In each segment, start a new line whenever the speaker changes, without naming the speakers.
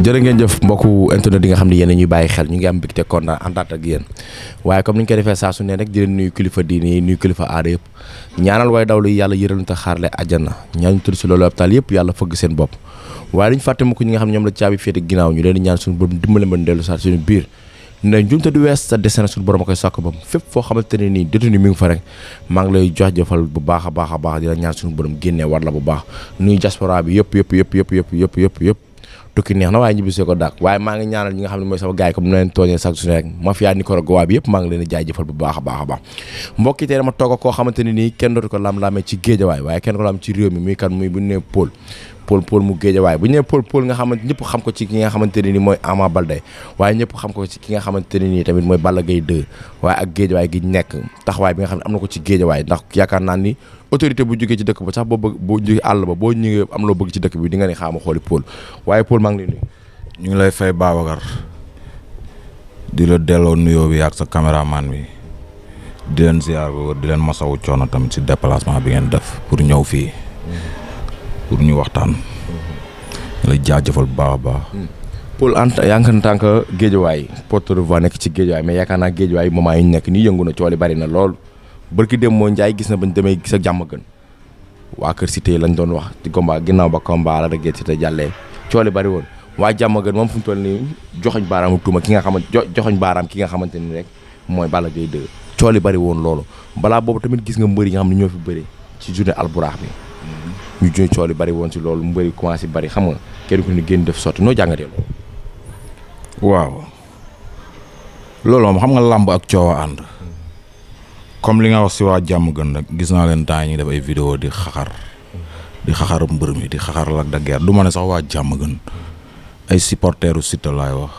jërë ngeen jëf mbokku internet yi nga xam ne yéen ñuy bàyyi xel ñu ngi am mbégte kontaan àndaat ak yéen waaye comme ni ñu koy defee saa su ne rek di leen kilifa diine yi nuyu kilifa aada yëpp ñaanal way dawlu yi yàlla yëral ñu te xaarle àjjana ñaan ñu tëdd si loolu hôpital yëpp yàlla fëgg seen bopp waaye duñ fàtte mukk ñi nga xam ne ñoom la caabi féete ginnaaw ñu leen di ñaan suñu borom dimbale mën dellu saa suñu biir ne njuumte du wees sa desena suñu borom a koy sàkk bam fépp foo xamante ne nii détenu mi ngi fa rek maa ngi lay jox jëfal bu baax a baax a baax di la ñaan suñu borom génnee war la bu baax nuy diaspora bi yëpp yëpp yëpp yëpp yëpp yëpp yëpp tukki neex na waaye ñibbisee ko dàq waaye maa ngi ñaanal ñi nga xam ne mooy sama gaay comme nu leen tooñee sax su ne rek mafia Nicaragua bi leen jaajëfal a baax a baax ko lam-laamee ci waaye kenn ko laam ci réew mi muy kan muy bu ne Paul Paul Paul mu géejawaay bu ñëwee Paul Paul nga xamante ñëpp xam ko ci ki nga xamante ne nii mooy Ama Baldé waaye ñëpp xam ko ci ki nga xamante ne nii tamit mooy Balla Gaye 2 waaye ak géejawaay gi nekk taxawaay bi nga xam ne am na ko ci géejawaay ndax yaakaar naa ni autorité bu jógee ci dëkk ba sax bo bo boo all ba bo ñëwee am lo bëgg
ci dëkk bi di nga ni xaama xoli pool waye pool maa ngi ni ñu ngi lay fay di la nuyo bi ak sa caméraman bi di len ziar bu di tam si déplacement bi ngeen def pour ñëw fi pour ñu waxtaan. Mm-hmm. la jaajeufal baba baax a baax. Mm. Paul en tant yaa ngi tant que
géejawaay porte de voix nekk ci géejawaay mais yakana naa géejawaay yi ñu nekk bari na lool. barki dem moo Ndiaye gis na ba bañ demee gis ak jàmm gën waa Kër si Cité lañ doon wax ci combat ginnaaw ba combat la da gee Cité jàllee coole bari woon waa jàmm gën moom fu toll nii joxoñ baaraamu tuuma ki nga xamante joxoñ baaraam ki nga xamante ni rek mooy Balla Gaye 2 coole bari woon loolu balaa boobu tamit gis nga mbëri yi nga xam ne ñoo fi bëri ci journée alburax bi mm-hmm. ñu joy cool yi bari woon si loolu mu bëri commencé bari xam nga kenn ku ne génn def sotti noo jàngatee loolu. waaw
loolu moom xam nga làmb ak coow ànd. comme li nga wax ci wa jamm gën nak gis na len temps ñi def ay vidéo di xaxar di xaxar mbeur mi di xaxar lak da guerre du mané sax wa jamm gën ay supporteru site lay wax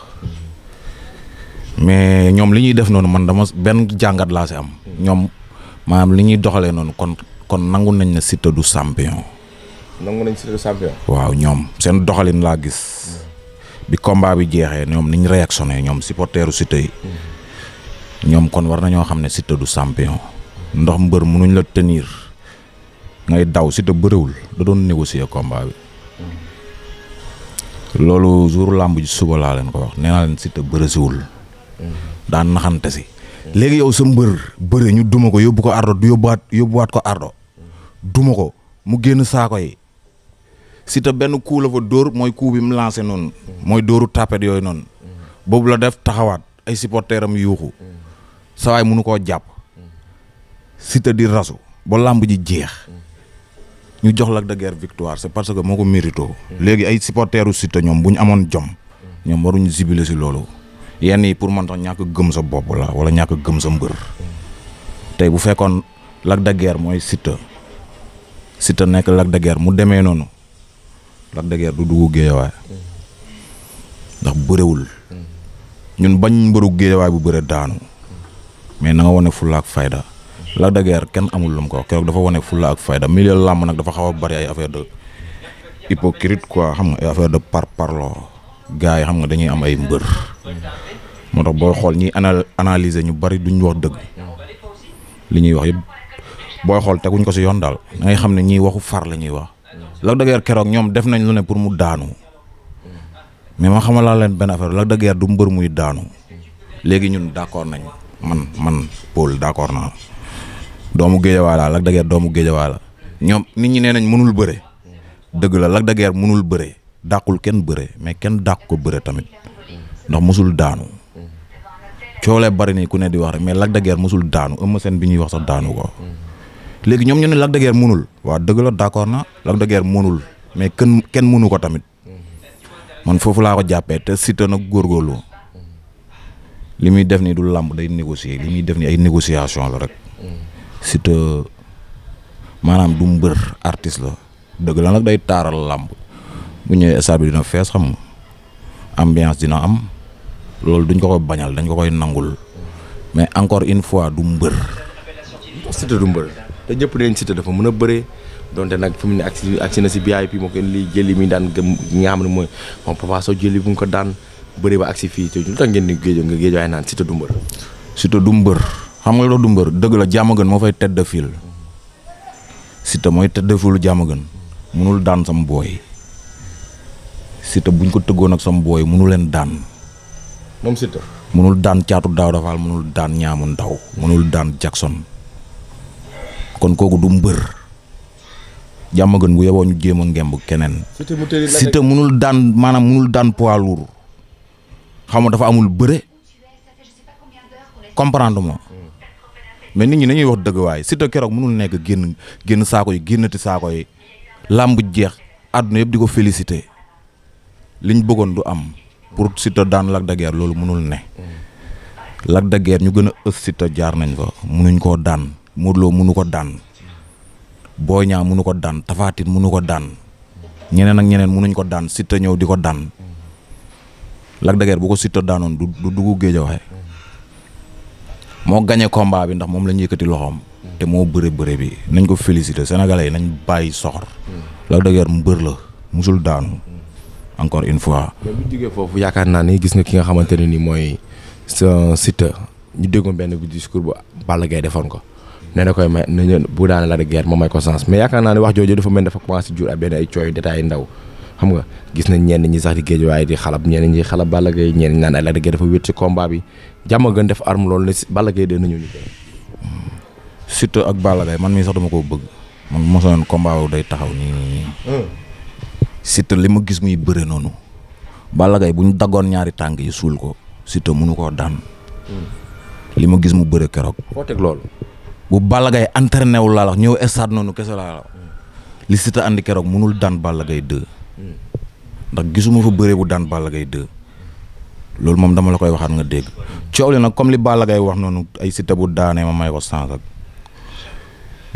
mais ñom li ñuy def non man dama ben jangat la ci am ñom manam li ñuy doxale non kon kon nangu nañ na site du champion
nangu nañ site du champion
waaw ñom sen doxalin la gis mm. bi combat bi jexé ñom niñ réactioné ñom supporteru site yi mm ñom kon war nyom xam ne du champion ndox mbeur mënuñ la tenir ngay daw Siteu beureul da doon négocier combat bi lolu jour lamb ji suba la len ko wax nee naa leen beureul da naxante si legi yow sa mbeur beure ñu duma ko yóbbu ko ardo du yóbbuwaat yóbbuwaat ko ardo duma ko mu génn saako yi Siteu ben coup la fa dor moy coup bi mu lancer non moy doru tapet yoy non bobu la def taxawat ay supporteram yuuxu sa waay mënu japp jàpp di rasu bolam lamb ji jeex ñu jox lak de guerre victoire c'est parce que moko mérito légui ay supporteru Siteu ñoom bu ñu amoon jom ñoom waruñu sibile si lolu yenn pour man tax ñak gëm sa bop la wala ñak gëm sa mbeur tay bu fekkon lak de guerre moy Siteu Siteu nek lak de guerre mu démé nonu lak de guerre du duggu géejawaay ndax bërewul ñun bañ mbëru géejawaay bu bëre daanu mais na nga wane fulla ak fayda Lac de Guiers kenn amul lum ko keroog dafa wone fulla ak fayda milieu làmb nag dafa xaw a bëri ay affaire de hypocrite quoi xam nga ay affaire de par parlo gars yi xam nga dañuy am ay mbër moo tax booy xool ñii anal analyser ñu bari duñ wax dëgg li ñuy wax yëpp booy xool teguñ ko si yoon daal da xam ne ñiy waxu far la ñuy wax Lac de keroog ñoom def nañ lu ne pour mu daanu mais ma xamalaa leen benn affaire Lac de du mbër muy daanu léegi ñun d'accord nañ man man Paul d'accord na doomu géejawaay la Lac de doomu géejawaay la ñoom nit ñi nee nañ mënul bëre dëgg la Lac de Guiers mënul bëre dàqul kenn bëre mais kenn dàq ko bëre tamit ndax mosul daanu coolee bari ni ku ne di wax rek mais Lac de Guiers mosul daanu Eumeu Sène bi ñuy wax sax daanu ko léegi ñoom ñu ne Lac de mënul waaw dëgg la d'accord na Lac de mënul mais kenn kenn mënu ko tamit man foofu laa ko jàppee te Siteu nag góorgóorlu limi def ni du lamb day négocier limi def ni ay négociation la rek Siteu manam du mbeur artiste la deug la nak day taral lamb bu ñewé sa bi dina fess xam ambiance dina am lolou duñ ko ko bañal dañ ko koy nangul mais encore une fois du mbër.
Siteu du mbeur da ñepp dañ Siteu dafa mëna bëré donte nak fi ni acci acci na si VIP mo ko li jëli mi daan nga xam Papa so jëli bu ko daan bëré ba aksi fi ci ñu tax ngeen
ni dumber, nga dumber, ay naan dumber, du mbër jamagan du xam nga do dumbeur deug la jamm gën mo fay tedd de file Siteu moy tedd de jamm jamagan, mënul daan sam ci Siteu buñ ko tëggoon nak sam booy mënu leen daan ci Siteu mënul daan ciatu daw dafaal mënul daan ñaamu ndaw mënul daan Jackson kon koku du mbër Diamaguène bu yeboo ñu jéem a ngemb keneen mënul daan manam mënul daan poids lourd xam ma dafa amul beure comprendre mo mais nit ñi nañuy wax deug way Siteu kérok mënul nekk genn genn saako yi gennati saako yi lamb jeex aduna yeb di ko liñ bëggon du am pour sito dan lak da Guiers loolu mënul ne. lak da Guiers ñu gëna eus ës jaar nañ fa mënuñ ko daan modlo mënu ko daan boña mënu ko daan Tapha mënu ko daan ñeneen ak ñeneen mënuñ ko daan ñew di ko daan lak dagger bu ko Siteu daanoon du du dugg waxe mo gagner combat bi ndax mom la yëkëti loxom té mo moo bëre bëre bi nañ ko féliciter sénégalais nañ bayyi soxor. lak dagger Guiers mbër la musul daanu. encore une fois. mais bu jógee foofu yaakaar na ni gis nga ki nga xamanteni ni
moy mooy sa Siteu ñu déggoon benn discours bu Balla gay defoon ko. né na koy may nañu bu daana la de Guiers ma may ko sens mais yaakaar na ni wax jojo dafa mel dafa commencé jour ay ben ay choy détail ndaw. xam nga gis nañ ñenn ñi sax di géej waaye di xalab ñenn ñi xalab Balla Gaye ñenn ñi naan ay Lac de Guiers dafa wéet
ci combat bi jàmm gën def arme loolu la Balla Gaye de nañu ñu surtout ak Balla man mii sax dama ko bëgg man mosoon combat wu day taxaw nii hmm. surtout li ma gis muy bëre noonu Balla buñ bu daggoon ñaari tànk yi suul ko surtout mënu koo daan hmm. li ma gis mu bëre keroog. foo teg loolu. bu Balla Gaye wu laa la ñëw stade noonu kese laa la hmm. li Siteu andi keroog mënul daan Balla Gaye ndax gisuma fa bëree bu daan Balla Gaye 2 loolu moom dama la koy waxaat nga dégg coow li nag comme li Balla Gaye wax noonu ay Siteu bu daanee ma may ko sens ak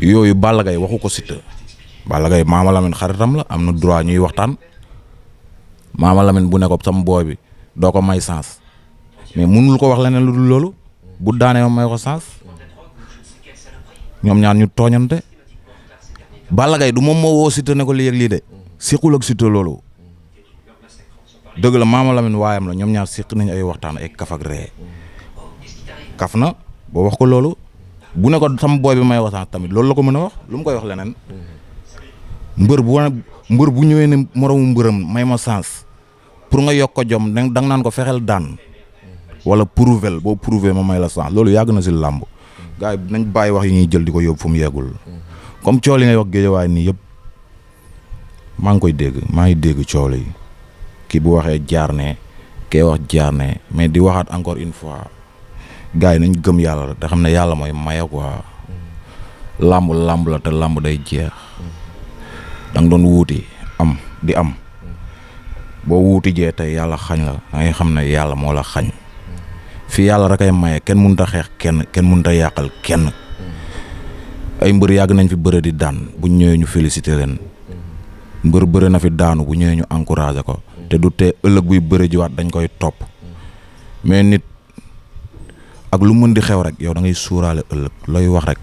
yooyu Balla Gaye waxu ko Siteu Balla Gaye Maama xaritam la am na droit ñuy waxtaan Maama bu ne ko sam booy bi doo ko may sens mais mënul ko wax leneen lu dul loolu bu daanee ma may ko sens ñoom ñaar ñu tooñante Balla du moom moo woo Siteu ne ko lii lii de. siqul ak Siteu lolo. deug la mama Lamine wayam la ñom ñaar sik nañ ay waxtaan ay kaf ak ree kaf na wax ko loolu bu ne ko sama boy bi may waxtaan tamit loolu la ko mëna wax lu mu koy wax lenen mbeur bu mbeur bu ñëwee ne morom mbeuram may ma sens pour nga yok ko jom dang nga naan ko fexel daan wala prouvel bo prouver ma may la sens loolu yag na ci lamb gaay nañ bay wax yi ñi jël di ko fu mu yegul comme cool yi ngay wax géejawaay maa ngi koy dégg maa ngi dégg coow yi kii bu waxee jaar ne kee wax jaar ne mais di waxaat encore une fois gars yi nañ gëm yàlla te xam ne yàlla mooy maye quoi làmb làmb la te làmb day jeex da nga doon wuuti am di am boo wuuti jee tey yàlla xañ la da xam ne yàlla moo la xañ fi yàlla rek ay maye kenn mënut a xeex kenn kenn mënut a yàqal kenn ay mbër yàgg nañ fi bëre di daan bu ñëwee ñu félicité leen. mbër bëre na fi daanu bu ñëwee ñu encouragé ko te du tee ëllëg buy bëre jiwaat dañ koy topp mais nit ak lu mën di xew rek yow da ngay suuraale ëllëg looy wax rek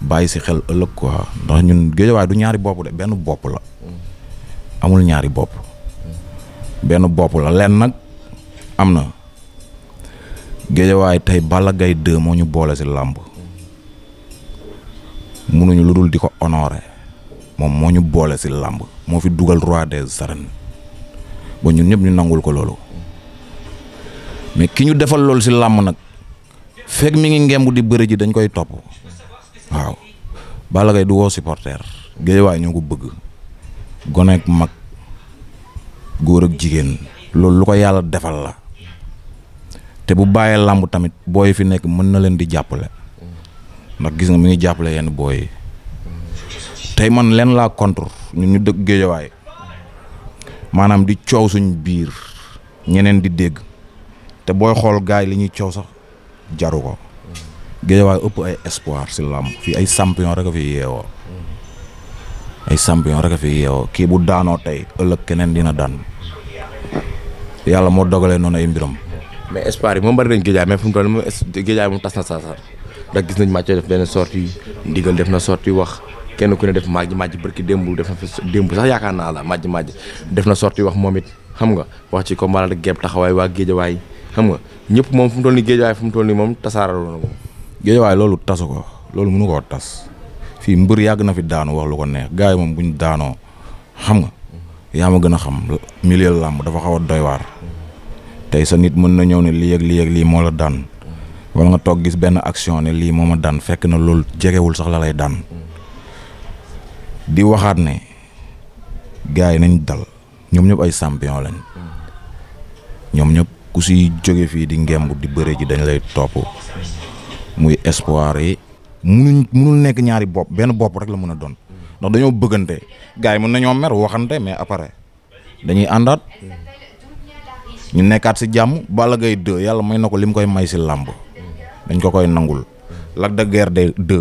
bàyyi si xel ëllëg quoi ndax ñun géejawaay du ñaari bopp de benn bopp la amul ñaari bopp benn bopp la leen nag am na géejawaay tey bala Gaye 2 moo ñu boole si làmb munuñu lu dul di ko honoré moom moo ñu boole si làmb moo fi dugal roi des arènes ba ñun ñëpp ñu nangul ko loolu mais ki ñu defal loolu si làmb nag fekk mi ngi ngemb di bëri ji dañ koy topp waaw Balla Gaye du woo supporter waaye ñoo ko bëgg gone ak mag góor ak jigéen loolu lu ko yàlla defal la te bu bàyyee làmb tamit booy fi nekk mën na leen di jàppale ndax gis nga mi ngi jàppale yenn booy tey man leen laa contre ñu ñu dëgg géejawaay maanaam di coow suñ biir ñeneen di dégg te booy xool gaay li ñuy coow sax jaru ko géejawaay ëpp ay espoir si làmb fii ay champion rek a fi yeewoo ay champion rek a fi yeewoo kii bu daanoo tey ëllëg keneen dina daan yàlla moo dogalee noonu ay mbiram.
mais espoir yi moom bari nañ géejaay mais fu mu toll géejaay moom tas na saa saa gis nañ Mathieu def benn sortie ndigal def na sortie wax. kenn ku ne def màjj màjj barki démb def na fa démb sax yaakaar naa la maaj màjj def na sorti wax moom it xam nga wax ci combat la gépp taxawaay waa géejawaay xam nga ñëpp moom fu mu toll nii géejawaay fu toll nii moom tasaaraloo na ko.
géejawaay loolu tasu ko loolu mënu koo tas fii mbër yàgg na fi daanu wax lu ko neex gars yi moom bu ñu daanoo xam nga yaa ma gën a xam milieu làmb dafa xaw a doy waar tey sa nit mën na ñëw ne lii yëg lii ak lii moo la daan wala nga toog gis benn action ne lii moom a daan fekk na loolu jegewul sax la lay daan. di waxat ne gaay nañ dal ñom ñëpp ay champion lañ ñom ñëpp ku ci fi di ngemb di bëre ji dañ lay top muy espoir yi munuñ munul nekk ñaari bop ben bop rek la mëna don ndax dañoo bëggante gaay mëna ñoo mer waxante mais après dañuy andat ñu nekkat si jamu Balla gay 2 yalla may nako lim koy may ci lamb dañ ko koy nangul Lac de Guiers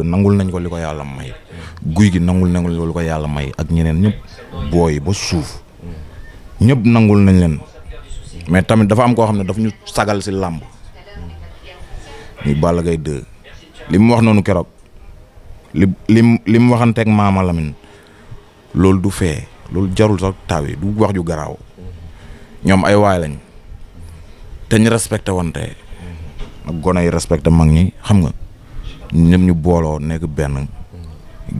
nangul nañ ko li ko yàlla may guy gi nangul nañ ko ko yàlla may ak ñeneen ñëpp booy ba suuf ñëpp nangul nañ leen mais tamit dafa am koo xam ne dafa ñu sagal si làmb muy Balla Gaye 2 li mu wax noonu keroog li lim li mu waxanteeg Maama Lamine loolu du fee loolu jarul sax taw yi du wax ju garaaw ñoom ay waay lañ te ñu respecté wante ak gone yi respecté mag ñi xam nga. ñoom ñu booloo nekk benn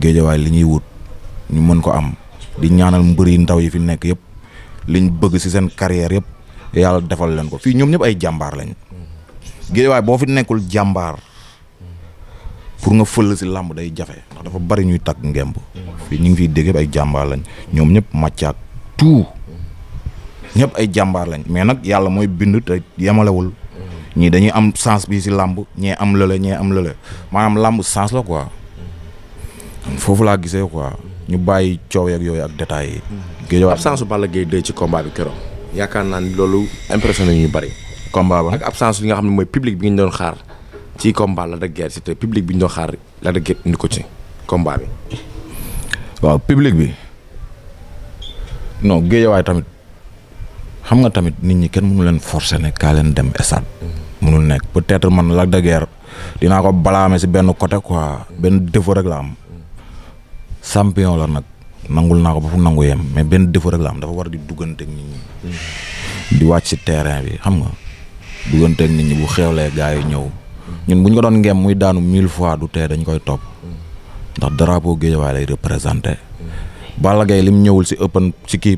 géejawaay li ñuy wut ñu mën ko am di ñaanal mbër yi ndaw yi fi nekk yëpp liñ bëgg si seen carrière yëpp yàlla defal leen ko fii ñoom ñëpp ay jàmbaar lañ géejawaay boo fi nekkul jàmbaar pour nga fël si làmb day jafe ndax dafa bari ñuy takk ngemb fii ñu ngi fiy dégg yëpp ay jàmbaar lañ ñoom ñëpp màccaak tout ñëpp ay jàmbaar lañ mais nag yàlla mooy bind te yemalewul ñii dañuy am sens bi si làmb ñee am lële ñee am lële maanaam làmb sens la quoi foofu laa gisee quoi ñu bàyyi coow yeeg yooyu ak détails yi. géej waat absence su Balla
Gaye 2 ci combat bi keroog yaakaar naa ni loolu impressionné ñu bari. combat ba ak absence bi nga xam ne mooy public bi ñu doon xaar ci combat la de guerre si te public bi ñu doon xaar la de indi ko ci
combat bi. waaw public bi non géejawaay tamit xam nga tamit nit ñi kenn mënu leen forcer ne kaa leen dem estade mënu nekk peut-être man Lac de guerre dinaa ko balaame si benn côté quoi benn défaut rek la am champion la nag nangul naa ko ba fu nangu yem mais benn défaut rek la am dafa war di dugganteeg nit ñi di wàcc si terrain bi xam nga dugganteeg nit ñi bu xewlee gars yi ñëw ñun buñ ko doon ngeem muy daanu mille fois du tee dañ koy topp ndax drapeau Guédiawaye lay représenté Balla lim ñëwul si open si kii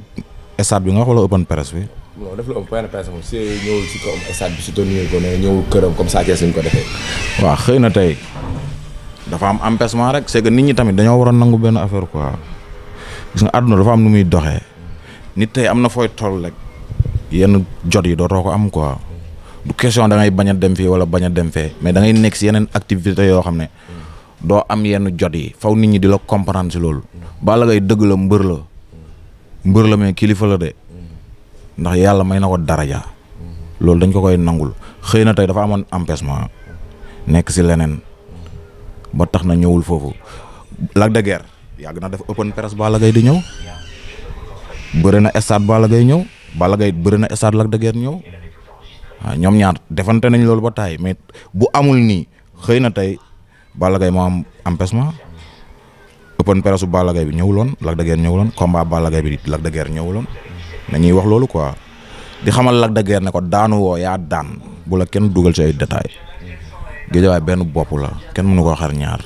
stade bi nga wax wala open press bi. non def lu open press mo si ñew ci ko stade bi ci to ñew ko ne ñëwul këram comme ça ci kees ko defee. wa xeyna tay dafa am empêchement rek c'est que nit ñi tamit dañu waroon nangu ben affaire quoi gis nga aduna dafa am nu muy doxé nit tay amna foy toll rek yenn jot yi do to ko am quoi du question da ngay baña dem fi wala baña dem fe mais da ngay nek ci yenen activité yo xamné do am yenn jot yi faw nit ñi di la comprendre lool ba la ngay deug la mbeur la. mbër la mais kilifa la de ndax yàlla may na ko daraja loolu dañ ko koy nangul xëy na tey dafa amoon empêchement nekk si leneen ba tax na ñëwul foofu Lac de Guiers yàgg na def open press Balla Gaye di ñëw bëri na stade Balla Gaye ñëw Balla Gaye bëri na stade Lac de ñëw waaw ñoom ñaar defante nañ loolu ba taay mais bu amul nii xëy na tey Balla Gaye moo am empêchement open perasu su Balla Gaye bi ñëwuloon Lac de Guiers ñëwuloon combat Balla Gaye bi Lac de Guiers ñëwuloon nañuy wax loolu quoi di xamal Lac de ne ko daanu woo yaa daan bu la kenn dugal ci ay gëjë géejawaay benn bopp la kenn mënu ko xar ñaar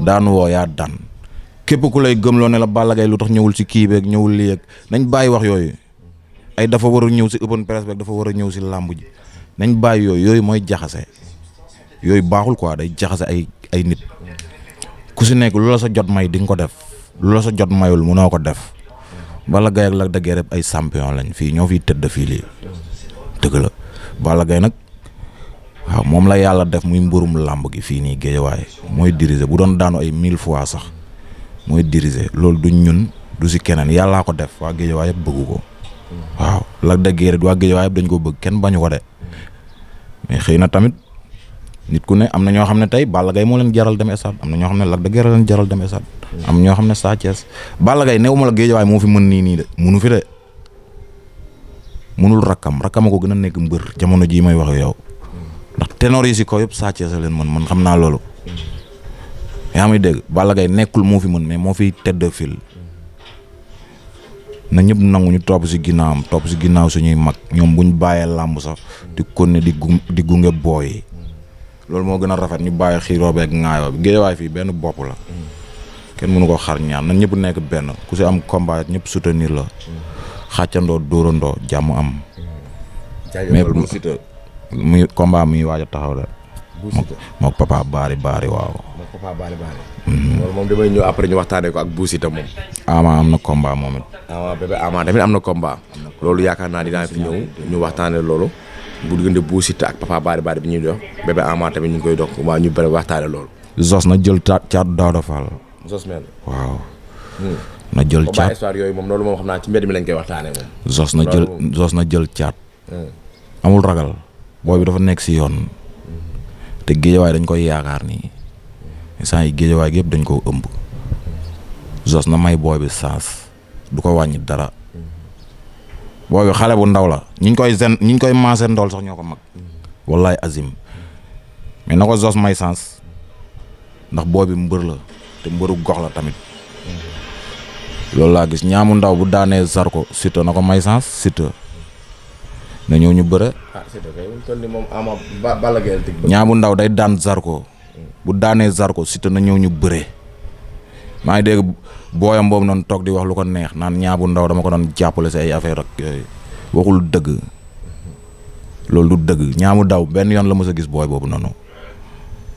daanu woo yaa daan képp ku lay gëmloo ne la Balla Gaye lu tax ñëwul ci kii beeg ñëwul lii ak nañ bàyyi wax yooyu ay dafa war a ñëw ci open press beeg dafa war a ñëw ci làmb ji nañ bàyyi yooyu yooyu mooy jaxase yooyu baaxul quoi day jaxase ay ay nit ku si nekk lu la sa jot may di nga ko def lu la sa jot mayul munau ko def bala gay ak Lac de Guiers ay champion lañ fii ñoo fi tëdd fii lii dëgg la bala gay nag waaw moom la yàlla def muy mburum lamb gi fii nii géejawaay mooy diriger bu doon daanu ay mille fois sax mooy diriger loolu du ñun du si keneen yàllaa ko def waa géejawaay yëpp bëggu ko waaw Lac de rek waa géejawaay yëpp dañ ko bëgg kenn bañu ko de mais xëy na tamit nit ku ne am na ñoo xam ne Balla gay mo leen jaral dem estade am na ñoo xam ne de leen jaral dem estade am ñoo xamne Sa Thiès Balla gay newuma la géej waaye mo fi mën ni ni de munu fi de munul rakam rakam ko gëna a nekk jamono ji may wax yow ndax tenor yi ci kaw Sa Thiès leen mën man xamna lolu ya yaa may dégg Balla gay nekkul mo fi mën mais tedd fil na ñëpp nangu ñu top si ginaam top si ginaaw suñuy mag ñom buñ baye lamb sax di konne di di loolu moo gën a rafet ñu bàyyi xiiroo beeg ŋaayoo bi géewaay fii benn bopp la kenn mënu ko xar ñaam nan ñëpp nekk benn ku si am combat ñëpp soutenir la xàccandoo dóorandoo jàmm am mais muy combat muy waaj a taxaw la mook papa baari baari waaw
mook papa baari baari mhm. loolu moom damay ñëw après ñu waxtaanee ko ak buusita moom
ama am na combat moom it ama bébé ama am na combat
loolu yaakaar naa dinaa fi ñëw ñu waxtaanee loolu bu diggante Bou Siteu ak Papa Bari Bari bi ñuy dox Bébé Ama tamit ñu ngi koy dox waa ñu bëri waxtaale loolu.
Zos na jël caat caatu Daouda Fall. Zos mel waaw. Hmm. na jël caat
histoire yooyu moom loolu moom xam naa ci mbedd mi lañ koy waxtaanee moom.
Zos na jël na jël caat. Hmm. amul ragal. booy bi dafa nekk si yoon. Hmm. te géejawaay dañ koy yaakaar nii. instant yi géejawaay gi yëpp dañ koo ëmb. Zos na may booy bi saas du ko wàññi dara. boobu xale bu ndaw la ñi ñu koy zen ñi ñu koy maasee ndool sax ñoo ko mag wallaay azim mais na ko Zoss may sens ndax boobi mbër la te mbëru gox la tamit loolu laa gis ñaamu ndaw bu daanee Zarko Siteu na ko may sens Siteu na ñëw ñu bëre.
ah Siteu kay toll
ndaw day daan Zarko mm. bu daanee Zarko Siteu na ñëw ñu bëre. maa ngi dégg booyam boobu noonu toog di wax lu ko neex naan ñaa bu ndaw dama ko doon jàppale si ay affaire ak yooyu waxul dëgg loolu du dëgg ñaamu daw benn yoon la mës a gis booy boobu noonu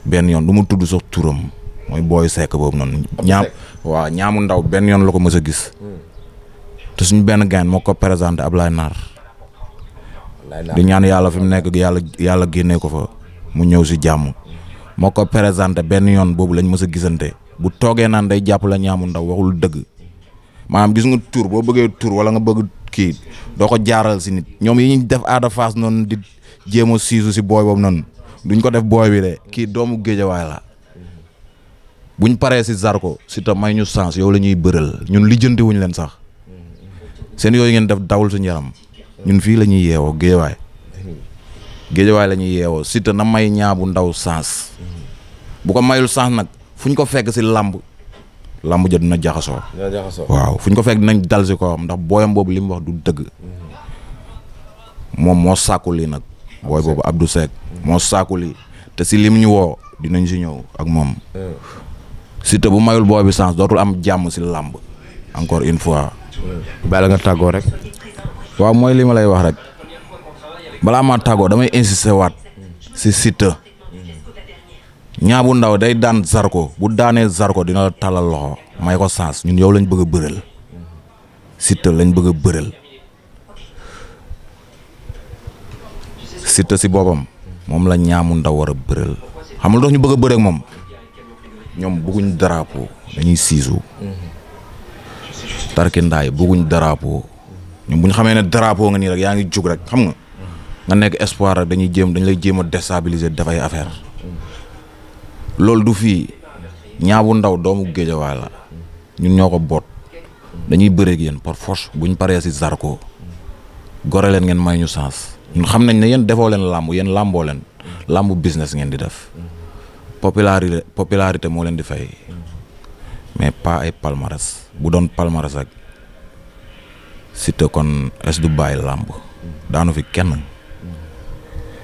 benn yoon du mu tudd sax turam mooy booy sekk boobu noonu. ñaam waaw ñaamu ndaw benn yoon la ko mës a gis. Hmm. te suñu benn gain moo ko présenté Ablaye Naar. di ñaan yàlla fi mu nekk yàlla yàlla génnee ko fa mu ñëw si jàmm. moo ko présenté benn yoon boobu lañ mës a gisante. bu toogee naan day jàppale ñaamu ndaw waxul dëgg maanaam gis nga tur boo bëggee tur wala nga bëgg kii doo ko jaaral si nit ñoom yi ñu def aada faas noonu di jéem a siisu si booy boobu noonu duñ ko def booy bi de kii doomu géejawaay la buñ paree si Zarko si ta may ñu sens yow la ñuy bëral ñun lijjanti wuñ leen sax seen yooyu ngeen def dawul suñu yaram ñun fii la ñuy yeewoo géejawaay géejawaay la ñuy yeewoo si na may ñaa ñaabu ndaw sens bu ko mayul fu ñu ko fekk si làmb làmb ja dina jaxasoo. waaw fu ñu ko fekk dinañ dal si ko am ndax booyam boobu li mu wax du dëgg. moom moo sàkku lii nag. booy boobu du Seck. moo sàkku lii te si lim ñu woo dinañ si ñëw ak moom. Hmm. Siteu bu mayul booy bi sens dootul am jàmm si làmb encore une fois. Hmm. tàggoo rek. mooy li ma lay wax rek balaa maa tàggoo damay insister waat si Siteu. ñaa bu ndaw day daan Zarko bu daanee Zarko dina la tàllal loxo may ko sens ñun yow lañ bëgg a bëreel Siteu lañ bëgg a bëreel Siteu si boppam moom la ñaamu ndaw war a bëreel xam nga dox bëgg a bëreek moom ñoom bëgguñ drapeau dañuy siisu tarkindaay bëgguñ drapeau ñoom bu ñu xamee ne drapeau nga nii rek yaa ngi jug rek xam nga nga nekk espoir rek dañuy jéem dañ lay jéem a déstabiliser dafay affaire loolu du fii ñaabu ndaw doomu géejawaay la ñun ñoo ko boot dañuy bëreeg yéen par force buñ paree si Zarko gore leen ngeen may ñu sens ñun xam nañ ne yéen defoo leen làmb yéen làmboo leen làmb business ngeen di def popularité popularité moo leen di fay mais pas ay palmarès bu doon palmarès ak Siteu kon es du bàyyi làmb daanu fi kenn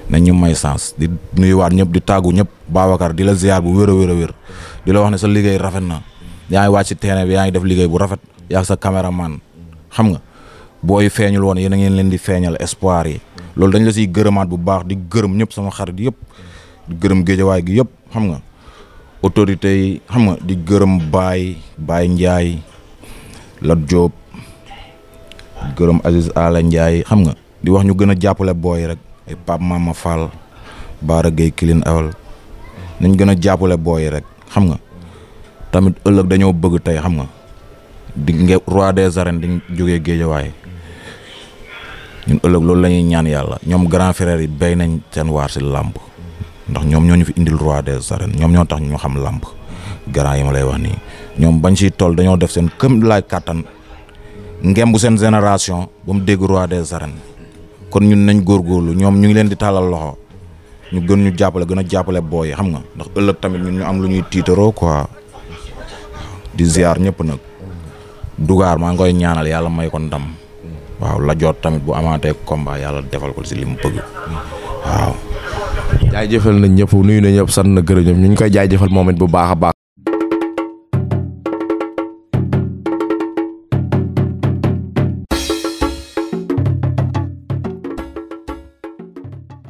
nañ ñu may sens di nuyuwaat ñëpp di tàggu ñëpp Babacar di la ziar bu wér a wér a wér di la wax ne sa liggéey rafet na yaa ngi wàcc ci terrain bi yaa ngi def liggéey bu rafet yaa sa caméraman xam nga booy feeñul woon yéen a ngeen leen di feeñal espoir yi loolu dañ la siy gërëmaat bu baax di gërëm ñëpp sama xarit yëpp di gërëm géejawaay gi yëpp xam nga autorité yi xam nga di gërëm Baye Baye Ndiaye Lat Diop gërëm Aziz Ala Ndiaye xam nga di wax ñu gën a jàppale booy rek ay Pape Mama Fall Baara Gueye Kilin awal nañ gën a jàppale booy rek xam nga tamit ëllëg dañoo bëgg tey xam nga di nga roi des arènes di jógee géejawaay ñun ëllëg loolu la ñuy ñaan yàlla ñoom grand frère yi béy nañ seen waar si làmp ndax ñoom ñoo ñu fi indil roi des arènes ñoom ñoo tax ñu xam làmp grand yi ma lay wax nii ñoom bañ si toll dañoo def seen këm laay kàttan ngem bu seen génération ba mu dégg roi des arènes kon ñun nañ góor góorgóorlu ñoom ñu ngi leen di tàllal loxo ñu gën ñu jàppale gën a jàppale booy xam nga ndax ëllëg tamit ñun ñu am lu ñuy tiitaroo quoi di ziar ñëpp nag dugaar maa ngi koy ñaanal yàlla may ko ndam waaw la jot tamit bu amaatee combat yàlla defal ko si li mu bëgg waaw.
jaajëfal nañ ñëpp nuyu na ñëpp sant na gërëm ñoom ñu ngi koy jaajëfal moom it bu baax a baax.